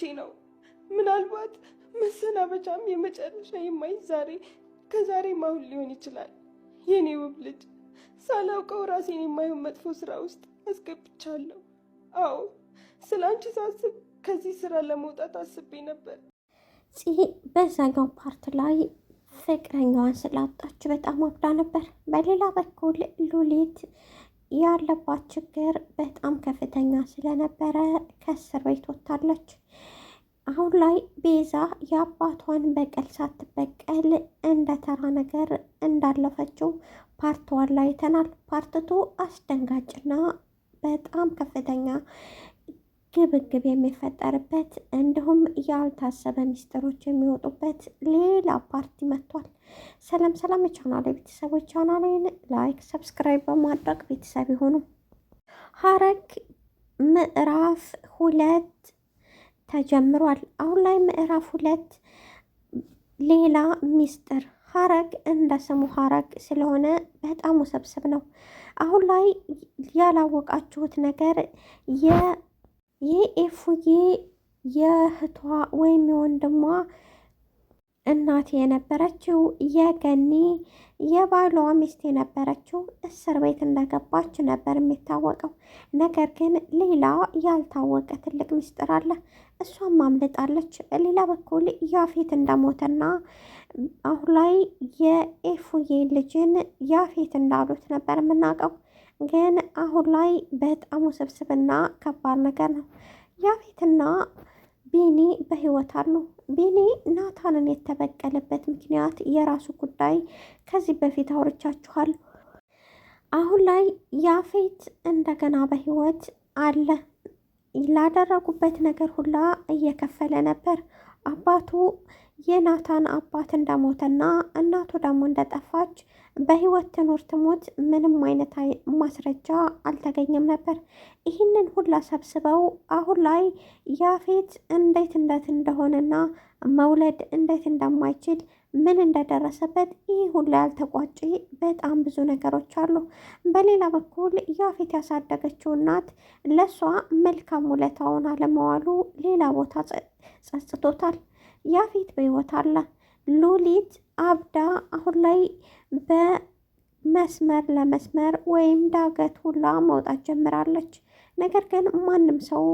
ተጎድቼ ነው። ምናልባት መሰናበቻም የመጨረሻ የማይ ዛሬ ከዛሬ ማሁን ሊሆን ይችላል። የኔ ውብ ልጅ ሳላውቀው ራሴን የማይሆን መጥፎ ስራ ውስጥ አስገብቻለሁ። አዎ ስለ አንቺ ሳስብ ከዚህ ስራ ለመውጣት አስቤ ነበር። ጽሄ በዛኛው ፓርት ላይ ፍቅረኛዋን ስላጣች በጣም አብዳ ነበር። በሌላ በኩል ሉሊት ያለባት ችግር በጣም ከፍተኛ ስለነበረ ከእስር ቤት ወጥታለች። አሁን ላይ ቤዛ የአባቷን በቀል ሳትበቀል እንደ ተራ ነገር እንዳለፈችው ፓርት ዋን ላይ አይተናል። አስደንጋጭና በጣም ከፍተኛ ግብግብ የሚፈጠርበት እንዲሁም ያልታሰበ ሚስጥሮች የሚወጡበት ሌላ ፓርቲ መጥቷል። ሰላም ሰላም፣ የቻናሌ ቤተሰቦች ቻናሌን ላይክ፣ ሰብስክራይብ በማድረግ ቤተሰብ የሆኑ ሐረግ ምዕራፍ ሁለት ተጀምሯል። አሁን ላይ ምዕራፍ ሁለት ሌላ ሚስጥር ሐረግ እንደ ስሙ ሐረግ ስለሆነ በጣም ውስብስብ ነው። አሁን ላይ ያላወቃችሁት ነገር የኤፉዬ የእህቷ ወይም የወንድሟ እናት የነበረችው የገኒ የባሏ ሚስት የነበረችው እስር ቤት እንደገባች ነበር የሚታወቀው። ነገር ግን ሌላ ያልታወቀ ትልቅ ምስጢር አለ። እሷም አምልጣለች። በሌላ በኩል ያፌት እንደሞተና አሁን ላይ የኤፉዬ ልጅን ያፌት እንዳሉት ነበር የምናውቀው። ግን አሁን ላይ በጣም ውስብስብና ከባድ ነገር ነው። ያፌትና ቢኒ በህይወት አሉ። ቢኒ ናታንን የተበቀለበት ምክንያት የራሱ ጉዳይ ከዚህ በፊት አውርቻችኋል። አሁን ላይ ያፌት እንደገና በህይወት አለ። ላደረጉበት ነገር ሁላ እየከፈለ ነበር አባቱ የናታን አባት እንደሞተና እናቱ ደግሞ እንደጠፋች በህይወት ትኖር ትሞት ምንም አይነት ማስረጃ አልተገኘም ነበር። ይህንን ሁላ ሰብስበው አሁን ላይ ያፌት እንዴት እንደት እንደሆነና መውለድ እንዴት እንደማይችል ምን እንደደረሰበት ይህ ሁላ ያልተቋጭ በጣም ብዙ ነገሮች አሉ። በሌላ በኩል ያፌት ያሳደገችው እናት ለእሷ መልካም ውለታውን አለመዋሉ ሌላ ቦታ ጸጽቶታል። ያፌት በህይወት አለ። ሉሊት አብዳ አሁን ላይ በመስመር ለመስመር ወይም ዳገት ሁላ መውጣት ጀምራለች። ነገር ግን ማንም ሰው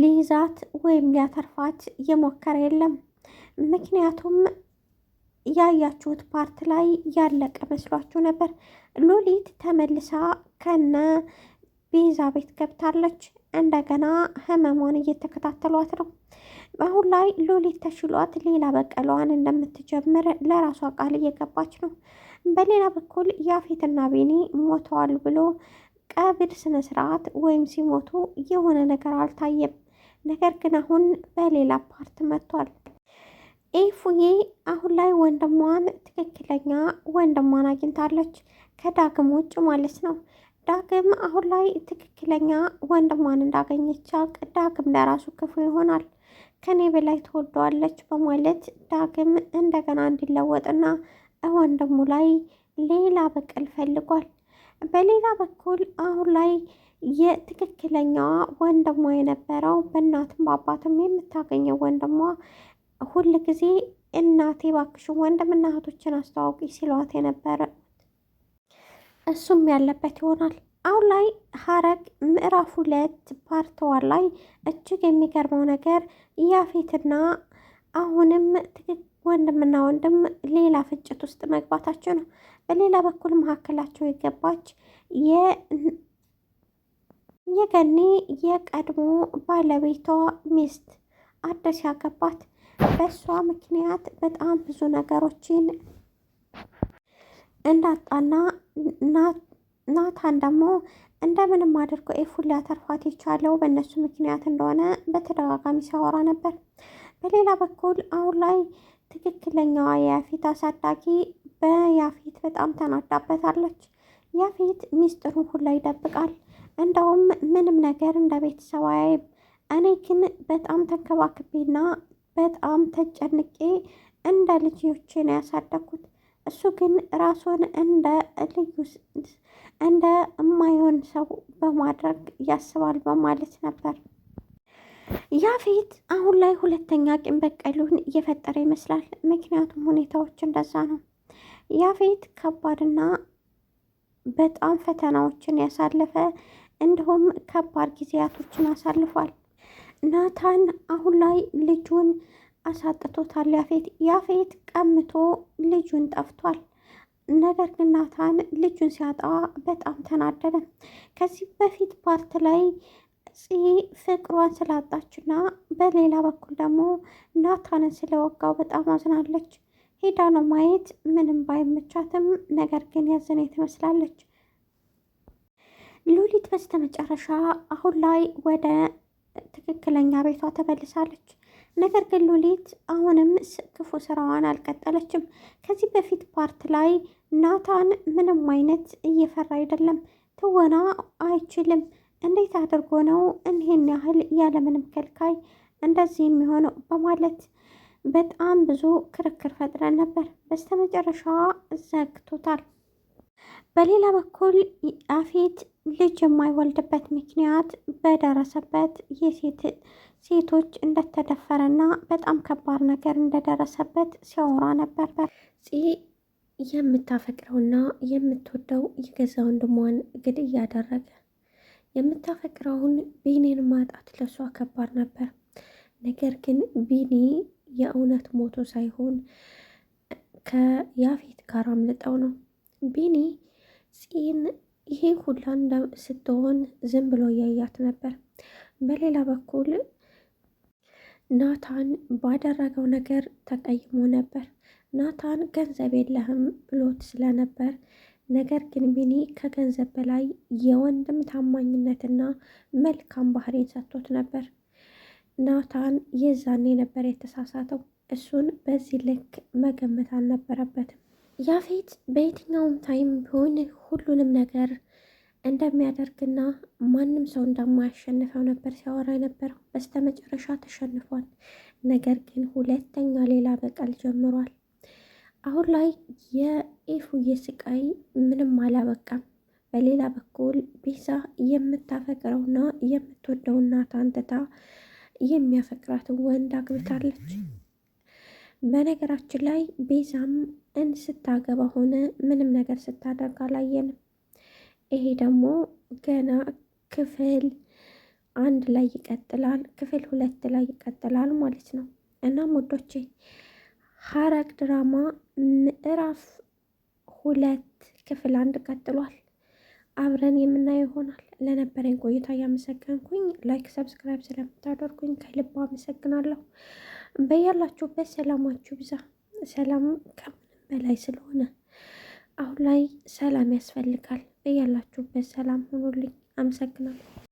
ሊይዛት ወይም ሊያተርፋት እየሞከረ የለም። ምክንያቱም ያያችሁት ፓርት ላይ ያለቀ መስሏችሁ ነበር። ሉሊት ተመልሳ ከነ ቤዛ ቤት ገብታለች። እንደገና ህመሟን እየተከታተሏት ነው። አሁን ላይ ሉሊት ተሽሏት ሌላ በቀሏን እንደምትጀምር ለራሷ ቃል እየገባች ነው። በሌላ በኩል ያፌትና ቤኒ ሞተዋል ብሎ ቀብር ስነ ስርዓት ወይም ሲሞቱ የሆነ ነገር አልታየም። ነገር ግን አሁን በሌላ ፓርት መጥቷል። ኤፉዬ አሁን ላይ ወንድሟን ትክክለኛ ወንድሟን አግኝታለች፣ ከዳግም ውጭ ማለት ነው። ዳግም አሁን ላይ ትክክለኛ ወንድሟን እንዳገኘች ዳግም ለራሱ ክፉ ይሆናል። ከኔ በላይ ትወደዋለች በማለት ዳግም እንደገና እንዲለወጥና ወንድሙ ላይ ሌላ በቀል ፈልጓል። በሌላ በኩል አሁን ላይ የትክክለኛዋ ወንድሟ የነበረው በእናትም በአባትም የምታገኘው ወንድሟ ሁል ጊዜ እናቴ ባክሹ ወንድምና እህቶችን አስተዋውቂ ሲሏት የነበረ እሱም ያለበት ይሆናል። አሁን ላይ ሐረግ ምዕራፍ ሁለት ፓርትዋን ላይ እጅግ የሚገርመው ነገር ያፌትና አሁንም ትክክ ወንድምና ወንድም ሌላ ፍጭት ውስጥ መግባታቸው ነው። በሌላ በኩል መካከላቸው የገባች የገኒ የቀድሞ ባለቤቷ ሚስት አዲስ ያገባት በእሷ ምክንያት በጣም ብዙ ነገሮችን እንዳጣና ናታን ደግሞ እንደምንም አድርጎ ኤፉን ሊያተርፋት የቻለው በእነሱ ምክንያት እንደሆነ በተደጋጋሚ ሲያወራ ነበር። በሌላ በኩል አሁን ላይ ትክክለኛዋ የያፌት አሳዳጊ በያፌት በጣም ተናዳበታለች። ያፌት ሚስጥሩ ሁላ ይደብቃል። እንደውም ምንም ነገር እንደ ቤተሰብ አያይም። እኔ ግን በጣም ተንከባክቤና በጣም ተጨንቄ እንደ ልጆቼ ነው ያሳደግኩት እሱ ግን ራሱን እንደ ልዩ እንደ የማይሆን ሰው በማድረግ ያስባል በማለት ነበር። ያፌት አሁን ላይ ሁለተኛ ቂም በቀሉን እየፈጠረ ይመስላል። ምክንያቱም ሁኔታዎች እንደዛ ነው። ያፌት ከባድና በጣም ፈተናዎችን ያሳለፈ እንዲሁም ከባድ ጊዜያቶችን አሳልፏል። ናታን አሁን ላይ ልጁን አሳጥቶታል። ያፌት ያፌት ቀምቶ ልጁን ጠፍቷል። ነገር ግን ናታን ልጁን ሲያጣ በጣም ተናደደ። ከዚህ በፊት ፓርት ላይ ፂ ፍቅሯን ስላጣችና በሌላ በኩል ደግሞ ናታንን ስለወጋው በጣም አዝናለች። ሄዳ ነው ማየት ምንም ባይመቻትም፣ ነገር ግን ያዘነ ትመስላለች። ሉሊት በስተመጨረሻ አሁን ላይ ወደ ትክክለኛ ቤቷ ተመልሳለች። ነገር ግን ሉሊት አሁንም ክፉ ስራዋን አልቀጠለችም። ከዚህ በፊት ፓርት ላይ ናታን ምንም አይነት እየፈራ አይደለም፣ ትወና አይችልም። እንዴት አድርጎ ነው እኒህን ያህል ያለምንም ከልካይ እንደዚህ የሚሆነው በማለት በጣም ብዙ ክርክር ፈጥረን ነበር። በስተመጨረሻ ዘግቶታል። በሌላ በኩል አፌት ልጅ የማይወልድበት ምክንያት በደረሰበት የሴት ሴቶች እንደተደፈረና በጣም ከባድ ነገር እንደደረሰበት ሲያወራ ነበር። በጽ የምታፈቅረውና የምትወደው የገዛ ወንድሟን ግድ እያደረገ የምታፈቅረውን ቢኒን ማጣት ለሷ ከባድ ነበር። ነገር ግን ቢኒ የእውነት ሞቶ ሳይሆን ከያፌት ጋር አምልጠው ነው። ቢኒ ጽን ይሄ ሁላን ስትሆን ዝም ብሎ እያያት ነበር። በሌላ በኩል ናታን ባደረገው ነገር ተቀይሞ ነበር። ናታን ገንዘብ የለህም ብሎት ስለነበር ነገር ግን ቢኒ ከገንዘብ በላይ የወንድም ታማኝነትና መልካም ባህሪን ሰጥቶት ነበር። ናታን የዛኔ ነበር የተሳሳተው። እሱን በዚህ ልክ መገመት አልነበረበትም። ያፌት በየትኛውም ታይም ቢሆን ሁሉንም ነገር እንደሚያደርግና ማንም ሰው እንደማያሸንፈው ነበር ሲያወራ የነበረው። በስተመጨረሻ ተሸንፏል። ነገር ግን ሁለተኛ ሌላ በቀል ጀምሯል። አሁን ላይ የኤፉዬ ስቃይ ምንም አላበቃም። በሌላ በኩል ቤዛ የምታፈቅረውና የምትወደው ናታን ትታ የሚያፈቅራትን ወንድ አግብታለች። በነገራችን ላይ ቤዛም እንስታገባ ሆነ ምንም ነገር ስታደርግ አላየንም። ይሄ ደግሞ ገና ክፍል አንድ ላይ ይቀጥላል፣ ክፍል ሁለት ላይ ይቀጥላል ማለት ነው። እናም ወዶቼ ሐረግ ድራማ ምዕራፍ ሁለት ክፍል አንድ ቀጥሏል። አብረን የምናየው ይሆናል። ለነበረኝ ቆይታ እያመሰገንኩኝ ላይክ፣ ሰብስክራይብ ስለምታደርጉኝ ከልባ አመሰግናለሁ። በያላችሁበት ሰላማችሁ ብዛ። ሰላም ከምንም በላይ ስለሆነ አሁን ላይ ሰላም ያስፈልጋል። በያላችሁበት ሰላም ሁኑልኝ። አመሰግናለሁ።